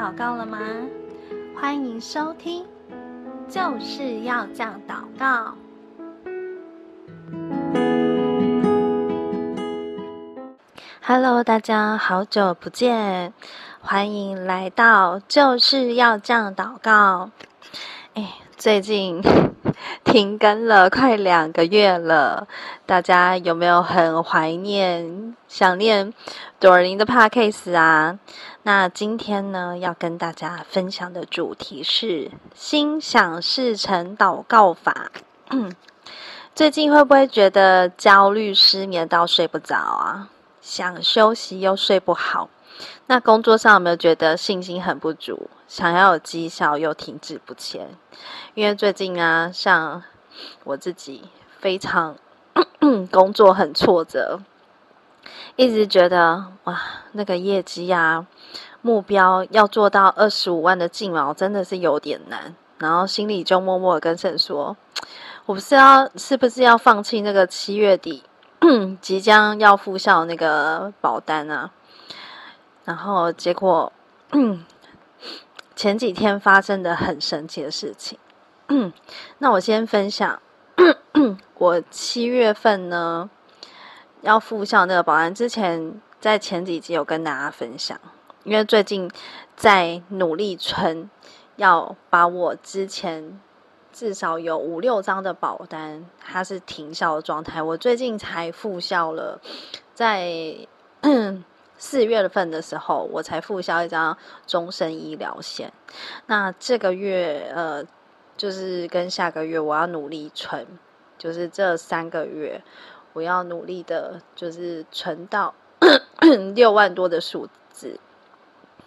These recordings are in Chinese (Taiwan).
禱告了嗎？歡迎收聽，就是要這樣禱告。Hello，大家好久不見，歡迎來到就是要這樣禱告。哎，最近。停更了快兩個月了，大家有沒有很懷念、想念朵琳的 Podcast 啊？那今天呢，要跟大家分享的主題是心想事成禱告法。 最近會不會覺得焦慮、失眠到睡不着啊？想休息又睡不好？那工作上有沒有覺得信心很不足，想要有績效又停滯不前？因為最近啊，像我自己非常 工作很挫折，一直覺得哇，那個業績啊，目標要做到二十五萬的淨毛真的是有點難。然後心裡就默默跟神說：“我不知道是不是要放棄那個七月底 即將要復效那個保單啊？”然後，結果前幾天發生的很神奇的事情。那我先分享，我七月份呢要復效那個保單，之前在前幾集有跟大家分享，因為最近在努力存，要把我之前至少有五六張的保單，它是停效的狀態。我最近才復效了，在。嗯四月份的時候，我才復效一張終身醫療險。那這個月，呃，就是跟下個月，我要努力存，就是這三個月，我要努力的，就是存到呵呵六萬多的數字。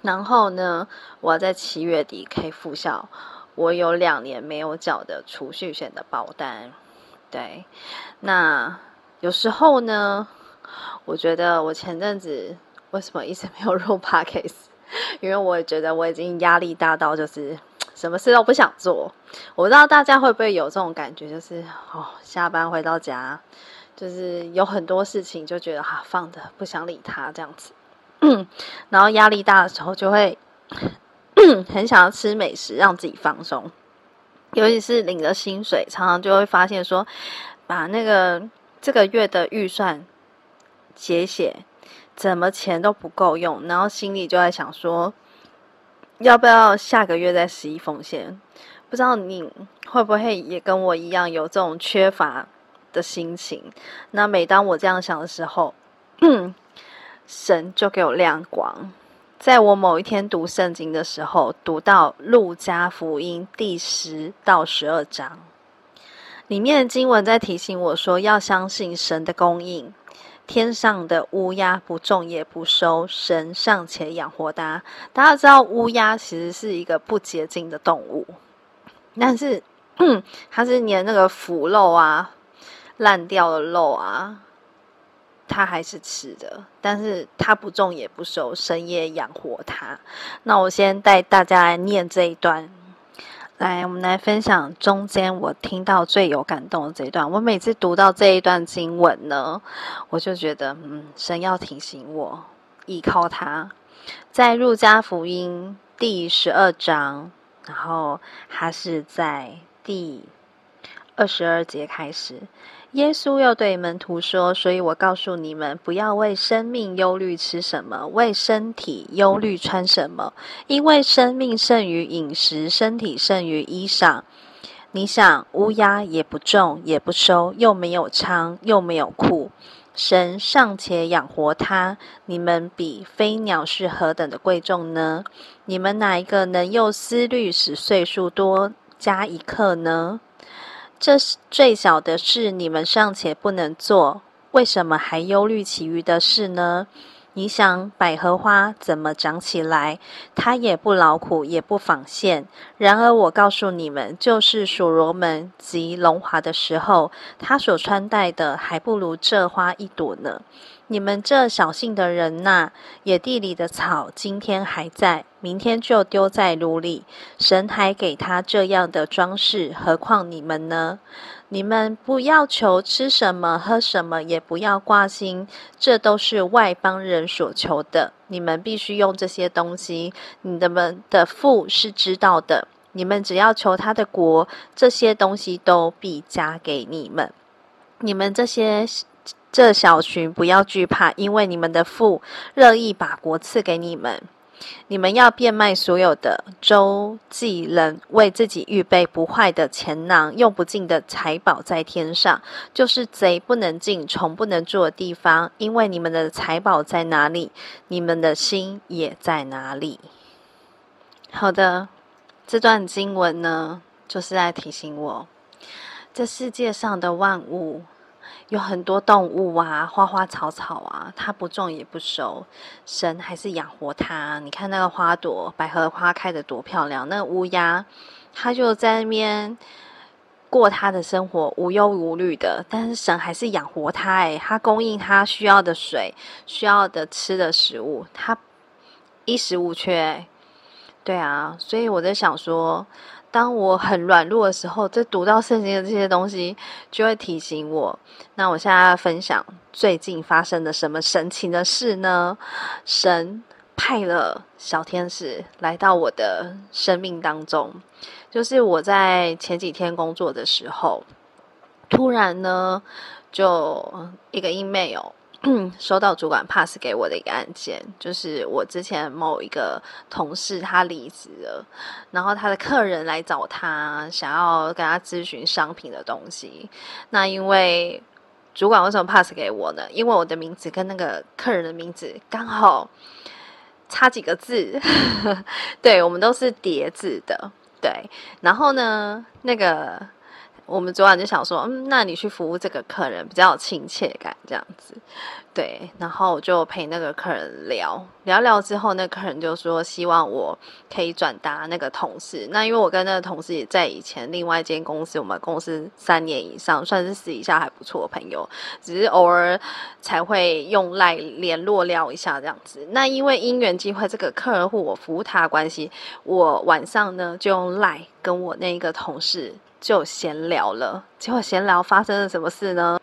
然後呢，我要在七月底可以復效我有兩年沒有繳的儲蓄險的保單。對，那有時候呢，我覺得我前陣子。為什麼一直沒有錄 podcast？因為我也覺得我已經壓力大到就是什麼事都不想做。我不知道大家會不會有這種感覺，就是哦，下班回到家，就是有很多事情，就覺得哈、啊、放着不想理他這樣子。嗯、然後壓力大的時候，就會、嗯、很想要吃美食讓自己放鬆。尤其是領了薪水，常常就會發現說，把那個這個月的預算寫寫。怎麼錢都不夠用，然後心裡就在想說，要不要下個月再十一奉獻？不知道你會不會也跟我一樣有這種缺乏的心情？那每當我這樣想的時候，嗯，神就給我亮光。在我某一天讀聖經的時候，讀到《路加福音》第十到十二章，裡面的經文在提醒我說，要相信神的供應。天上的烏鴉不種也不收，神尚且養活它。大家知道烏鴉其實是一個不潔淨的動物，但是、嗯、它是連那個腐肉啊、爛掉的肉啊，它還是吃的。但是它不種也不收，神也養活它。那我先帶大家來念這一段。來，我們來分享中間我聽到最有感動的這一段。我每次讀到這一段經文呢，我就覺得，嗯，神要提醒我依靠他，在《路加福音》第十二章，然後他是在第二十二節開始。耶穌又對門徒說：“所以我告訴你們，不要為生命憂慮吃什麼，為身體憂慮穿什麼，因為生命勝於飲食，身體勝於衣裳。你想烏鴉也不種，也不收，又沒有倉，又沒有庫，神尚且養活它，你們比飛鳥是何等的貴重呢？你們哪一個能用思慮使歲數多加一刻呢？”這是最小的事，你們尚且不能做，為什麼還憂慮其餘的事呢？你想百合花怎麼長起來？它也不勞苦，也不紡線。然而我告訴你們，就是所羅門極榮華的時候，他所穿戴的還不如這花一朵呢。你們這小信的人吶、啊，野地裡的草今天還在，明天就丟在爐裡；神還給他這樣的裝飾，何況你們呢？你們不要求吃什麼喝什麼，也不要掛心，這都是外邦人所求的。你們必須用這些東西，你們的、的父是知道的。你們只要求他的國，這些東西都必加給你們。你們這些這小群不要懼怕，因為你們的父樂意把國賜給你們。你們要變賣所有的周濟人，為自己預備不壞的錢囊，用不盡的財寶在天上，就是賊不能近、蟲不能蛀的地方，因為你們的財寶在哪裡，你們的心也在哪裡。好的，這段經文呢，就是在提醒我，這世界上的萬物。有很多動物啊，花花草草啊，它不種也不收。神還是養活它。你看那個花朵，百合花開得多漂亮。那烏鴉，它就在那邊過它的生活，無憂無慮的。但是神還是養活它、欸，誒，它供應它需要的水，需要的吃的食物，它衣食無缺、欸。對啊，所以我在想說。當我很軟弱的時候，這讀到聖經的這些東西，就會提醒我。那我現在要分享最近發生的什麼神奇的事呢？神派了小天使來到我的生命當中，就是我在前幾天工作的時候，突然呢，就一個 email。收到主管 pass 給我的一個案件，就是我之前某一個同事他離職了，然後他的客人來找他，想要跟他諮詢商品的東西。那因為主管為什麼 pass 給我呢？因為我的名字跟那個客人的名字剛好差幾個字，呵呵，對，我們都是疊字的。對，然後呢，那個。我們昨晚就想說，嗯，那你去服務這個客人比較有親切感這樣子，對，然後就陪那個客人聊聊聊之後，那客人就說希望我可以轉達那個同事。那因為我跟那個同事也在以前另外一間公司，我們公司三年以上，算是私底下還不錯的朋友，只是偶爾才會用 LINE 聯絡聊一下這樣子。那因為因緣際會，這個客戶我服務他的關係，我晚上呢就用 LINE 跟我那個同事。就閒聊了，結果閒聊發生了什麼事呢？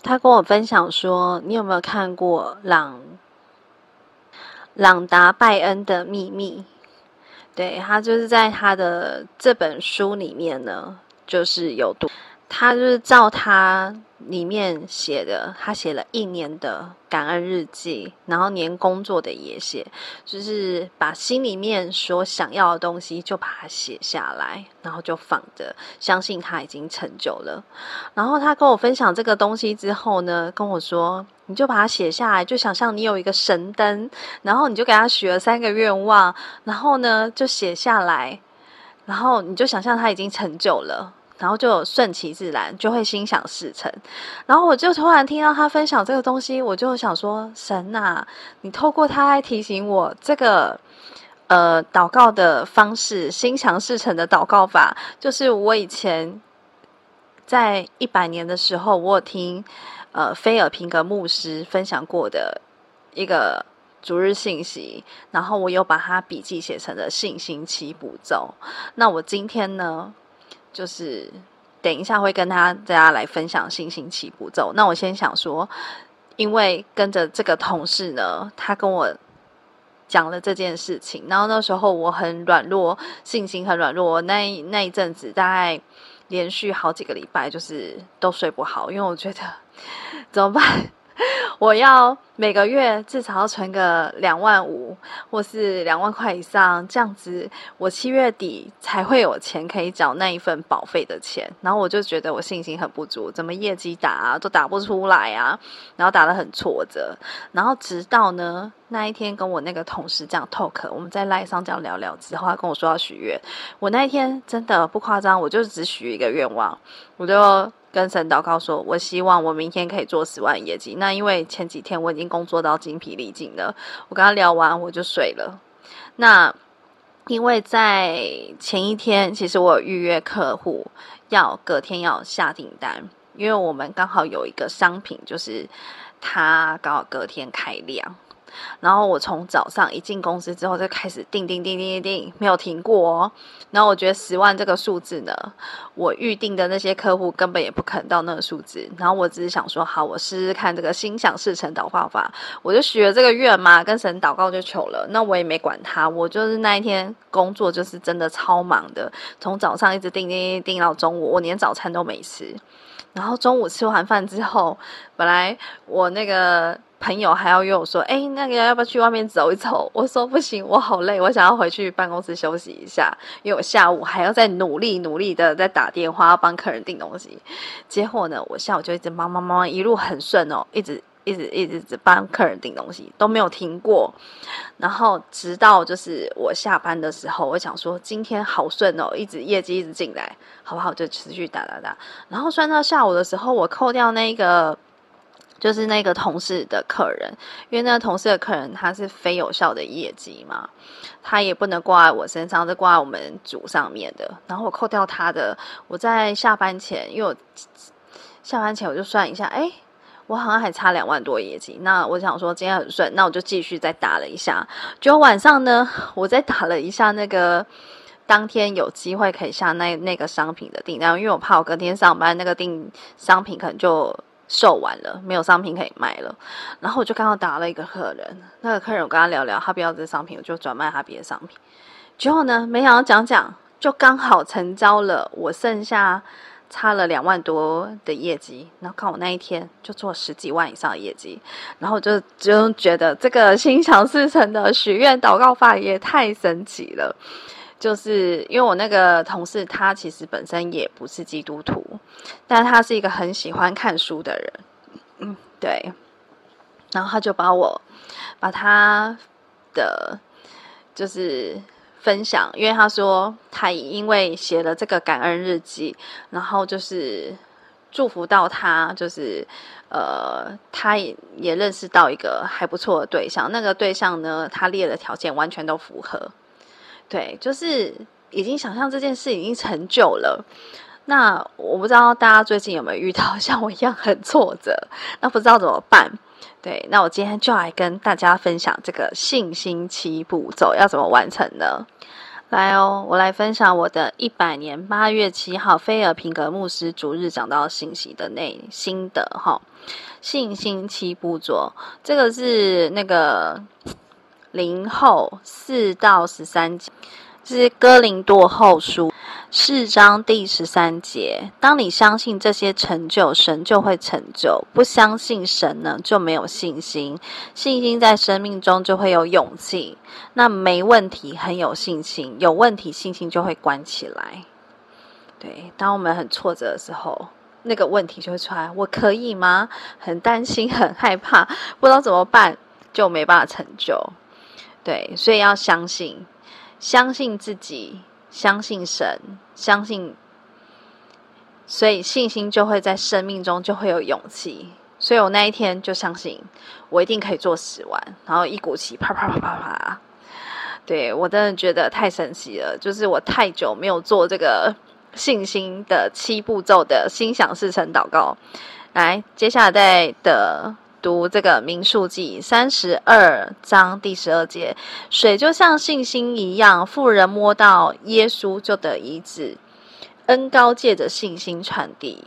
他跟我分享說：“你有沒有看過朗《朗朗達拜恩的秘密》對？對，他就是在他的這本書裡面呢，就是有讀。他就是照他裡面寫的，他寫了一年的感恩日記，然後連工作的也寫，就是把心裡面所想要的東西就把它寫下來，然後就放着，相信他已經成就了。然後他跟我分享這個東西之後呢，跟我說：“你就把它寫下來，就想象你有一個神燈，然後你就給他許了三個願望，然後呢就寫下來，然後你就想象他已經成就了。”然後就順其自然，就會心想事成。然後我就突然聽到他分享這個東西，我就想說：“神啊，你透過他來提醒我這個呃禱告的方式，心想事成的禱告法，就是我以前在一百年的時候，我有聽呃菲爾平格牧師分享過的一個主日信息，然後我又把他筆記寫成了信心七步驟。那我今天呢？”就是等一下會跟他大家來分享信心七步驟。那我先想說，因為跟着這個同事呢，他跟我講了這件事情，然後那時候我很軟弱，信心很軟弱。那一那一陣子，大概連續好幾個禮拜，就是都睡不好，因為我覺得怎麼辦？我要每個月至少要存個兩萬五，或是兩萬塊以上，這樣子我七月底才會有錢可以繳那一份保費的錢。然後我就覺得我信心很不足，怎麼業績打啊都打不出來啊，然後打得很挫折。然後直到呢那一天，跟我那個同事這樣 talk，我們在賴上這樣聊聊之後，他跟我說要許願。我那一天真的不誇張，我就只許一個願望，我就。跟神禱告說：“我希望我明天可以做十萬業績。那因為前幾天我已經工作到精疲力盡了，我跟他聊完我就睡了。那因為在前一天，其實我有預約客戶要隔天要下訂單，因為我們剛好有一個商品，就是他剛好隔天開量。”然後我從早上一進公司之後，就開始訂訂訂訂訂，沒有停過哦。然後我覺得十萬這個數字呢，我預定的那些客戶根本也不肯到那個數字。然後我只是想說，好，我試試看這個心想事成禱告法，我就許了這個願嘛，跟神禱告就求了。那我也沒管他，我就是那一天工作就是真的超忙的，從早上一直訂訂訂訂到中午，我連早餐都沒吃。然後中午吃完飯之後，本來我那個。朋友還要約我說：“欸，那個要不要去外面走一走？”我說：“不行，我好累，我想要回去辦公室休息一下，因為我下午還要再努力努力的在打電話，要幫客人訂東西。結果呢，我下午就一直忙忙忙，一路很順哦，一直一直一直幫客人訂東西都沒有停過。然後直到就是我下班的時候，我想說今天好順哦，一直業績一直進來，好不好？就持續打打打。然後算到下午的時候，我扣掉那個。”就是那個同事的客人，因為那個同事的客人他是非有效的業績嘛，他也不能掛在我身上，是掛在我們組上面的。然後我扣掉他的，我在下班前，因為我下班前我就算一下，哎，我好像還差兩萬多業績。那我想說今天很順，那我就繼續再打了一下。結果晚上呢，我再打了一下那個當天有機會可以下那那個商品的訂單，因為我怕我隔天上班那個訂商品可能就。售完了，沒有商品可以賣了，然後我就剛剛打了一個客人，那個客人我跟他聊聊，他不要這商品，我就轉賣他別的商品。結果呢，沒想到講講就剛好成交了，我剩下差了兩萬多的業績，然後剛好那一天就做十幾萬以上的業績，然後我就就覺得這個心想事成的許願禱告法也太神奇了。就是因為我那個同事，他其實本身也不是基督徒，但他是一個很喜歡看書的人。嗯，對。然後他就把我，把他的就是分享，因為他說他因為寫了這個感恩日記，然後就是祝福到他，就是呃，他也也認識到一個還不錯的對象。那個對象呢，他列的條件完全都符合。對，就是已經想象這件事已經成就了。那我不知道大家最近有沒有遇到像我一樣很挫折，那不知道怎麼辦？對，那我今天就來跟大家分享這個信心七步驟要怎麼完成呢？來哦，我來分享我的一百年八月七號菲爾平格牧師主日講到信息的內心得哈、哦，信心七步驟，這個是那個。林後四到十三節，這、就是哥林多後書四章第十三節。當你相信這些成就，神就會成就；不相信神呢，就沒有信心。信心在生命中就會有勇氣。那沒問題，很有信心；有問題，信心就會關起來。對，當我們很挫折的時候，那個問題就會出來。我可以嗎？很擔心，很害怕，不知道怎麼辦，就沒辦法成就。對，所以要相信，相信自己，相信神，相信，所以信心就會在生命中就會有勇氣。所以我那一天就相信，我一定可以做十萬，然後一股氣，啪啪啪啪啪啪。對，我真的覺得太神奇了，就是我太久沒有做這個信心的七步驟的心想事成禱告。來，接下來的。讀這個《民數記》三十二章第十二節，水就像信心一樣，婦人摸到耶穌就得醫治。恩高借着信心傳遞，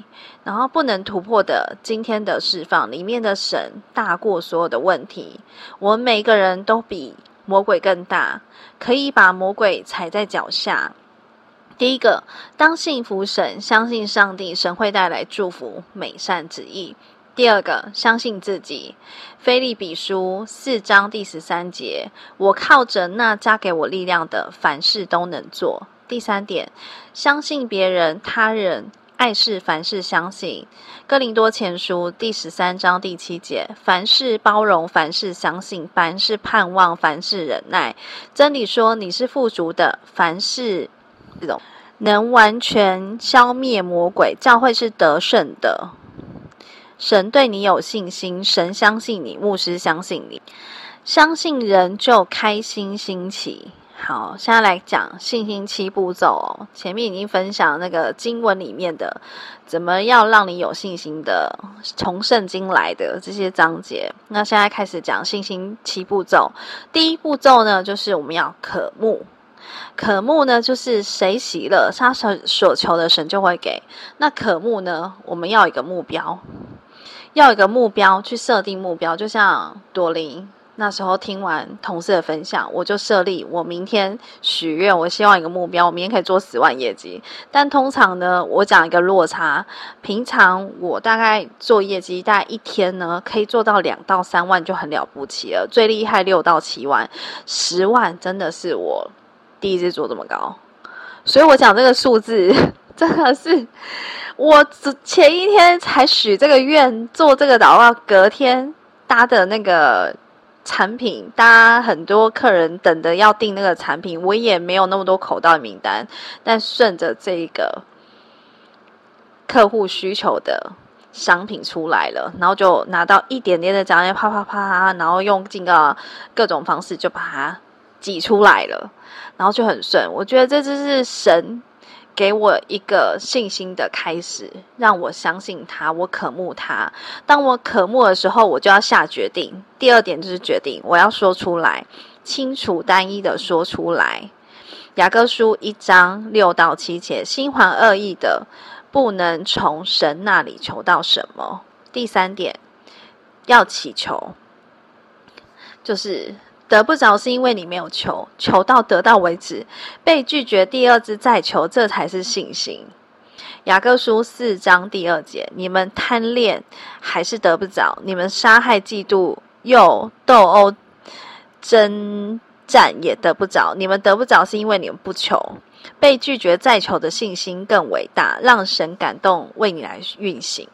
然後不能突破的今天的釋放裡面的神大過所有的問題，我們每個人都比魔鬼更大，可以把魔鬼踩在腳下。第一個，當信服神，相信上帝，神會帶來祝福、美善旨意。第二個，相信自己，《腓立比書》四章第十三節：“我靠着那加給我力量的，凡事都能做。”第三點，相信別人、他人、愛是凡事相信，《哥林多前書》第十三章第七節：“凡事包容，凡事相信，凡事盼望，凡事忍耐。”真理說：“你是富足的，凡事這種能完全消滅魔鬼，教會是得勝的。”神對你有信心，神相信你，牧師相信你，相信人就開心興起。好，現在來講信心七步驟哦。前面已經分享那個經文裡面的怎麼要讓你有信心的，從聖經來的這些章節。那現在開始講信心七步驟。第一步驟呢，就是我們要渴慕。渴慕呢，就是誰喜樂，他所所求的神就會給。那渴慕呢，我們要一個目標。要有一個目標去設定目標，就像朵琳那時候聽完同事的分享，我就設立我明天許願，我希望一個目標，我明天可以做十萬業績。但通常呢，我講一個落差，平常我大概做業績，大概一天呢可以做到兩到三萬就很了不起了，最厲害六到七萬，十萬真的是我第一次做這麼高，所以我講這個數字。真的是，我只前一天才許這個願做這個禱告，隔天搭的那個產品，搭很多客人等着要訂那個產品，我也沒有那麼多口袋名單，但順着這個客戶需求的商品出來了，然後就拿到一點點的獎勵，啪啪啪，然後用盡了各種方式就把它擠出來了，然後就很順，我覺得這就是神。給我一個信心的開始，讓我相信他，我渴慕他。當我渴慕的時候，我就要下決定。第二點就是決定，我要說出來，清楚、單一的說出來。雅各書一章六到七節，心懷惡意的不能從神那裡求到什麼。第三點要祈求，就是。得不着，是因為你沒有求，求到得到為止。被拒絕，第二次再求，這才是信心。雅各書四章第二節：你們貪戀還是得不着；你們殺害、嫉妒又鬥毆、爭戰也得不着。你們得不着，是因為你們不求。被拒絕，再求的信心更偉大，讓神感動，為你來運行。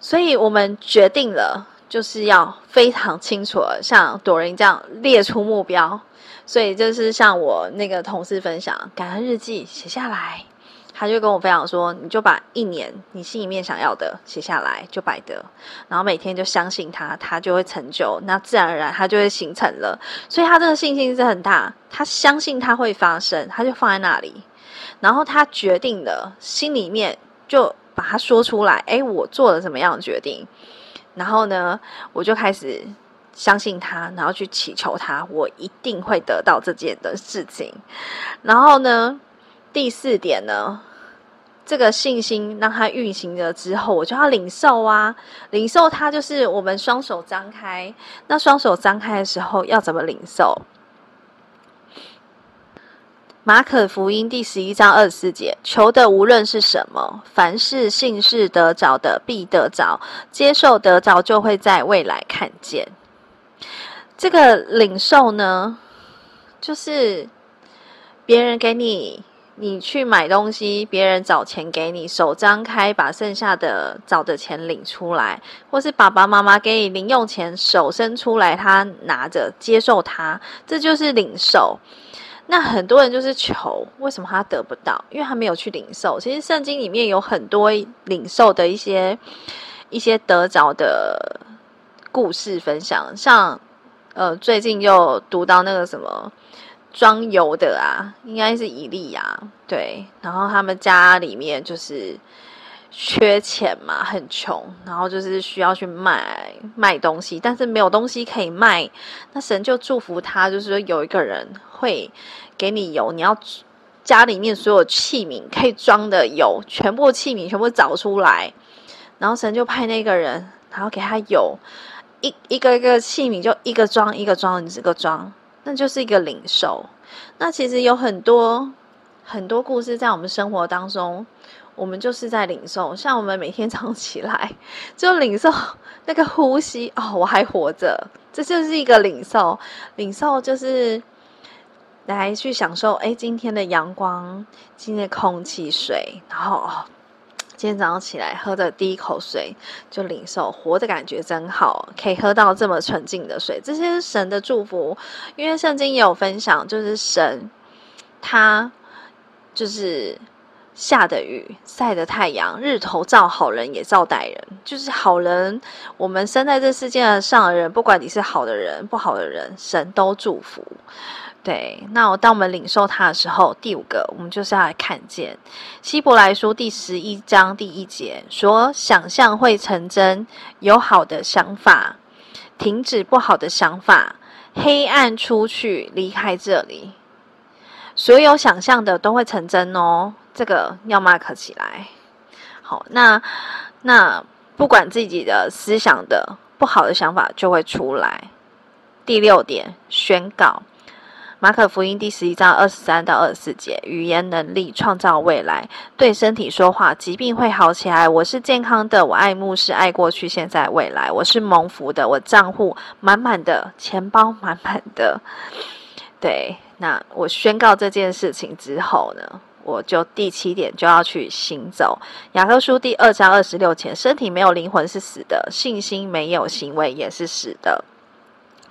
所以我們決定了，就是要非常清楚，像朵琳這樣列出目標，所以就是像我那個同事分享，感恩日記寫下來，他就跟我分享說，你就把一年你心裡面想要的寫下來，就擺的，然後每天就相信他，他就會成就，那自然而然他就會形成了。所以他這個信心是很大，他相信他會發生，他就放在那裡，然後他決定了心裡面就把他說出來，哎，我做了什麼樣的決定。然後呢，我就開始相信他，然後去祈求他，我一定會得到這件的事情。然後呢，第四點呢，這個信心讓它運行了之後，我就要領受啊，領受它就是我們雙手張開，那雙手張開的時候要怎麼領受？馬可福音第十一章二十四節：求的無論是什麼，凡事信是得着的，必得着；接受得着，就會在未來看見。這個領受呢，就是別人給你，你去買東西，別人找錢給你，手張開把剩下的找的錢領出來；或是爸爸媽媽給你零用錢，手伸出來他拿着接受他，這就是領受。那很多人就是求，為什麼他得不到？因為他沒有去領受。其實聖經裡面有很多領受的一些、一些得着的故事分享，像呃，最近又讀到那個什麼裝油的啊，應該是以利啊，對，然後他們家裡面就是。缺錢嘛，很窮，然後就是需要去賣賣東西，但是沒有東西可以賣，那神就祝福他，就是說有一個人會給你油，你要家裡面所有器皿可以裝的油，全部器皿全部找出來，然後神就派那個人，然後給他油，一一個一個器皿就一個裝一個裝你這個裝，那就是一個領受。那其實有很多很多故事在我們生活當中。我們就是在領受，像我們每天早上起來就領受那個呼吸哦，我還活着，這就是一個領受。領受就是來去享受，哎，今天的陽光、今天的空氣、水，然後今天早上起來喝的第一口水就領受，活著感覺真好，可以喝到這麼純淨的水，這些是神的祝福。因為聖經也有分享，就是神他就是，下的雨，曬的太陽，日頭照好人也照歹人，就是好人。我們生在這世界上的人，不管你是好的人、不好的人，神都祝福。對，那我當我們領受他的時候，第五個，我們就是要來看見希伯來書第十一章第一節說：想象會成真，有好的想法，停止不好的想法，黑暗出去，離開這裡。所有想象的都會成真哦。這個要 mark 起來。好，那那不管自己的思想的不好的想法就會出來。第六點，宣告馬可福音第十一章二十三到二十四節，語言能力創造未來，對身體說話，疾病會好起來。我是健康的，我愛牧師愛過去、現在、未來。我是蒙福的，我賬戶滿滿的，錢包滿滿的。對，那我宣告這件事情之後呢？我就第七點就要去行走，《雅各書》第二章二十六節：身體沒有靈魂是死的，信心沒有行為也是死的。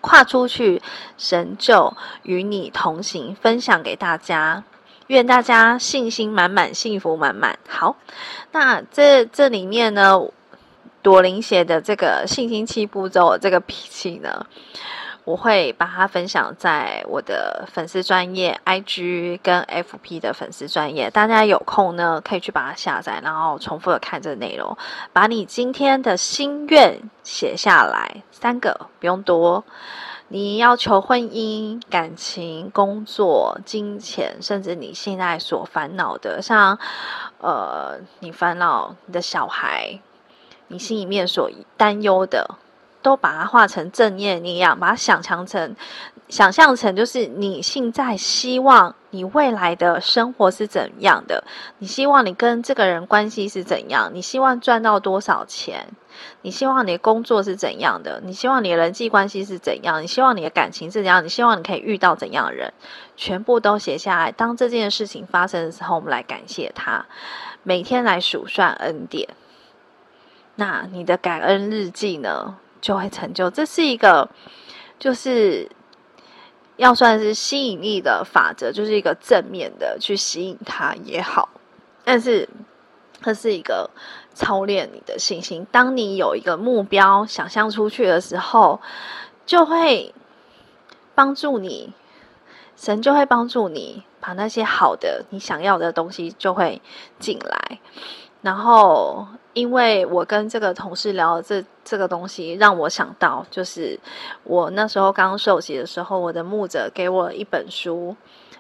跨出去，神就與你同行。分享給大家，願大家信心滿滿，幸福滿滿。好，那這這裡面呢，朵琳寫的這個信心七步驟，這個脾氣呢？我會把它分享在我的粉絲專頁 IG 跟 FB 的粉絲專頁，大家有空呢，可以去把它下載，然後重複的看這個內容。把你今天的心願寫下來，三個不用多。你要求婚姻、感情、工作、金錢，甚至你現在所煩惱的，像呃你煩惱你的小孩，你心裡面所擔憂的。都把它化成正念一樣，把它想像成、想象成，就是你現在希望你未來的生活是怎樣的？你希望你跟這個人關係是怎樣？你希望賺到多少錢？你希望你的工作是怎樣的？你希望你的人際關係是怎樣？你希望你的感情是怎樣？你希望你可以遇到怎樣的人？全部都寫下來。當這件事情發生的時候，我們來感謝他。每天來數算恩典。那你的感恩日記呢？就會成就，這是一個就是要算是吸引力的法則，就是一個正面的去吸引它也好。但是，這是一個操練你的信心。當你有一個目標，想象出去的時候，就會幫助你，神就會幫助你，把那些好的你想要的東西就會進來。然後，因為我跟這個同事聊的這這個東西，讓我想到，就是我那時候剛受洗的時候，我的牧者給我了一本書，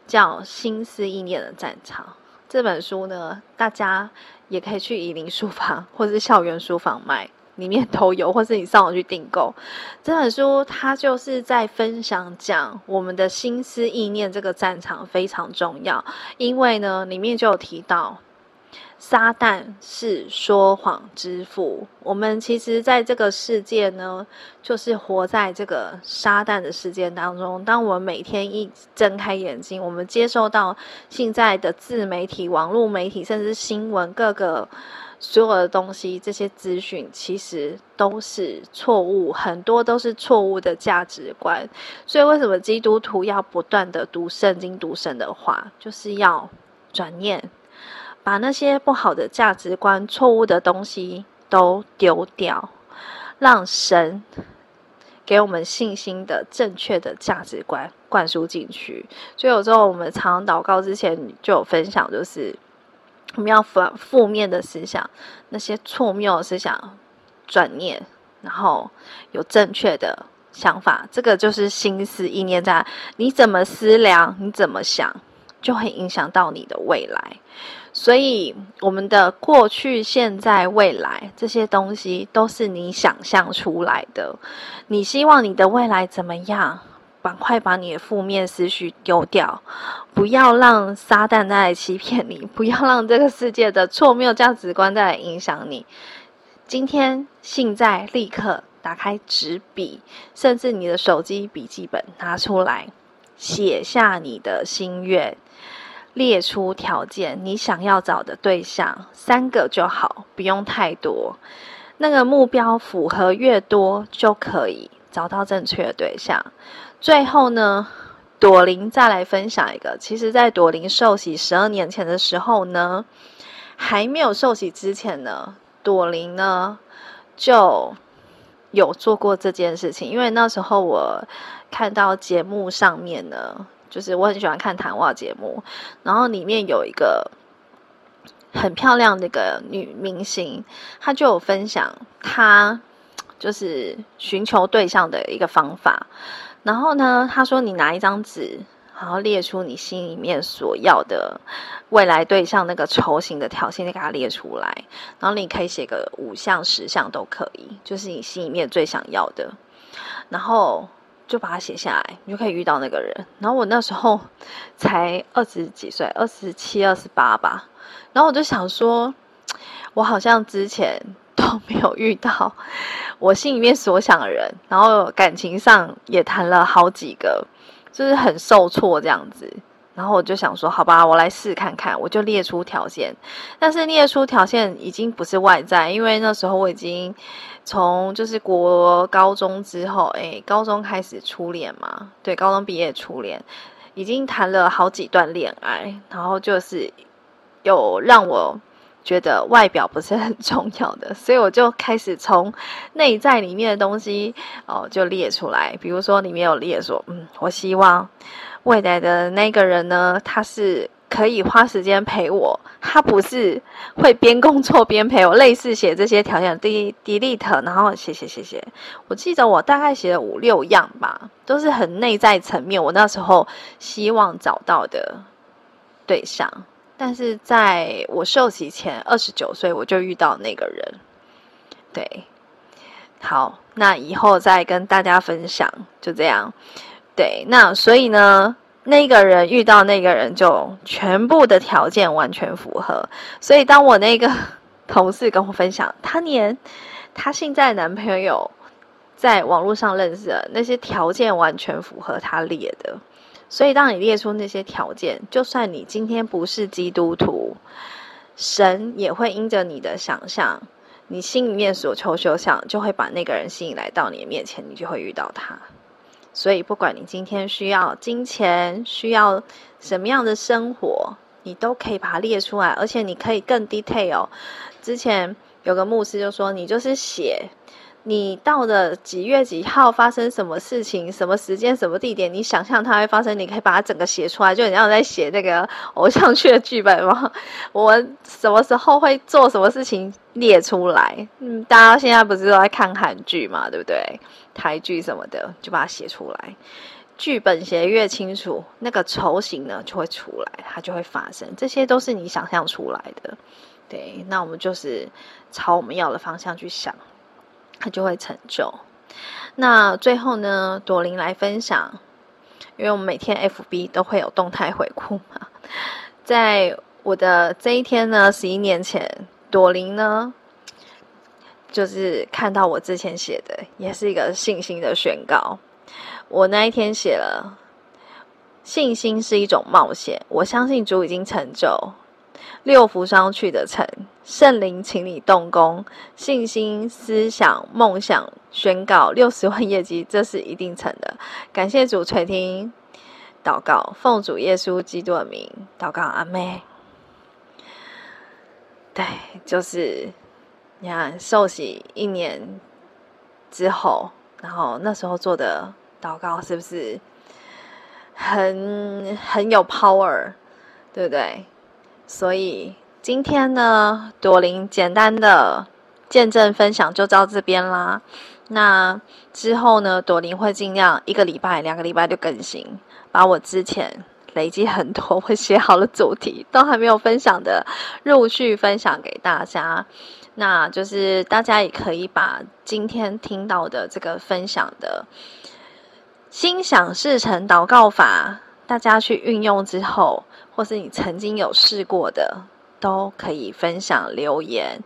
叫《心思意念的戰場》。這本書呢，大家也可以去以琳書房或是校園書房買，裡面都有，或是你上網去訂購。這本書它就是在分享講我們的心思意念這個戰場非常重要，因為呢，裡面就有提到。撒旦是說謊之父。我們其實，在這個世界呢，就是活在這個撒旦的世界當中。當我們每天一睜開眼睛，我們接受到現在的自媒體、網絡媒體，甚至新聞各個所有的東西，這些資訊其實都是錯誤，很多都是錯誤的價值觀。所以，為什麼基督徒要不斷的讀聖經、讀神的話，就是要轉念。把那些不好的價值觀、錯誤的東西都丟掉，讓神給我們信心的正確的價值觀灌輸進去。所以有時候我們常常禱告之前就有分享，就是我們要反負面的思想，那些錯謬的思想轉念，然後有正確的想法。這個就是心思意念在，在你怎麼思量、你怎麼想，就會影響到你的未來。所以，我們的過去、現在、未來這些東西都是你想象出來的。你希望你的未來怎麼樣？趕快把你的負面思緒丟掉，不要讓撒旦再來欺騙你，不要讓這個世界的錯謬價值觀再來影響你。今天，現在，立刻打開紙筆，甚至你的手機、筆記本拿出來，寫下你的心願。列出條件，你想要找的對象三個就好，不用太多。那個目標符合越多，就可以找到正確的對象。最後呢，朵琳再來分享一個。其實，在朵琳受洗十二年前的時候呢，還沒有受洗之前呢，朵琳呢就有做過這件事情。因為那時候我看到節目上面呢。就是我很喜歡看談話節目，然後裡面有一個很漂亮的一個女明星，她就有分享她就是尋求對象的一個方法。然後呢，她說：“你拿一張紙，然後列出你心裡面所要的未來對象那個雛形的條件，你給它列出來。然後你可以寫個五項、十項都可以，就是你心裡面最想要的。”然後。就把它寫下來，你就可以遇到那個人。然後我那時候才二十幾歲，二十七、二十八吧。然後我就想說，我好像之前都沒有遇到我心裡面所想的人。然後感情上也談了好幾個，就是很受挫這樣子。然後我就想說，好吧，我來試看看，我就列出條件。但是列出條件已經不是外在，因為那時候我已經從就是國高中之後，誒，高中開始初戀嘛，對，高中畢業初戀，已經談了好幾段戀愛，然後就是有讓我覺得外表不是很重要的，所以我就開始從內在裡面的東西哦，就列出來，比如說裡面有列說，嗯，我希望。未來的那個人呢？他是可以花時間陪我，他不是會邊工作邊陪我。類似寫這些條件，D delete，然後寫寫寫寫。我記得我大概寫了五六樣吧，都是很內在層面。我那時候希望找到的對象，但是在我受洗前二十九歲，我就遇到那個人。對，好，那以後再跟大家分享，就這樣。對，那所以呢，那個人遇到那個人，就全部的條件完全符合。所以，當我那個同事跟我分享，他連他現在男朋友在網絡上認識的那些條件，完全符合他列的。所以，當你列出那些條件，就算你今天不是基督徒，神也會因着你的想象，你心裡面所求所想，就會把那個人吸引來到你的面前，你就會遇到他。所以，不管你今天需要金錢，需要什麼樣的生活，你都可以把它列出來，而且你可以更 detail。之前有個牧師就說：“你就是寫你到了幾月幾號發生什麼事情，什麼時間，什麼地點，你想象它會發生，你可以把它整個寫出來，就你要在寫那個偶像劇的劇本嗎？我什麼時候會做什麼事情列出來？嗯，大家現在不是都在看韓劇嘛，對不對？”台劇什麼的，就把它寫出來。劇本寫越清楚，那個雛形呢就會出來，它就會發生。這些都是你想象出來的，對。那我們就是朝我們要的方向去想，它就會成就。那最後呢，朵琳來分享，因為我們每天 FB 都會有動態回顧嘛。在我的這一天呢，十一年前，朵琳呢。就是看到我之前寫的，也是一個信心的宣告。我那一天寫了，信心是一種冒險。我相信主已經成就，六福商去得成，聖靈，請你動工，信心、思想、夢想宣告六十萬業績，這是一定成的。感謝主垂聽禱告，奉主耶穌基督的名禱告，阿們。對，就是。你看，yeah，受洗一年之後，然後那時候做的禱告是不是很很有 power，對不對？所以今天呢，朵琳簡單的見證分享就到這邊啦。那之後呢，朵琳會盡量一個禮拜、兩個禮拜就更新，把我之前。累積很多，我寫好了主題，都還沒有分享的，陸續分享給大家。那就是大家也可以把今天聽到的這個分享的“心想事成禱告法”，大家去運用之後，或是你曾經有試過的，都可以分享留言。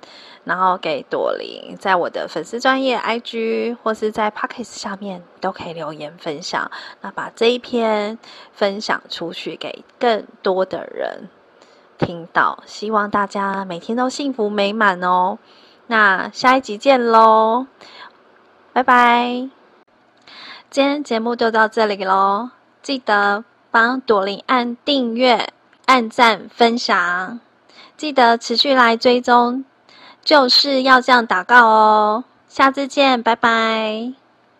然後給朵琳，在我的粉絲專頁 IG 或是在 Podcast 下面都可以留言分享。那把這一篇分享出去給更多的人聽到，希望大家每天都幸福美滿哦。那下一集見嘍，拜拜！今天節目就到這裡嘍，記得幫朵琳按訂閱、按讚、分享，記得持續來追蹤。就是要這樣禱告哦，下次見，拜拜。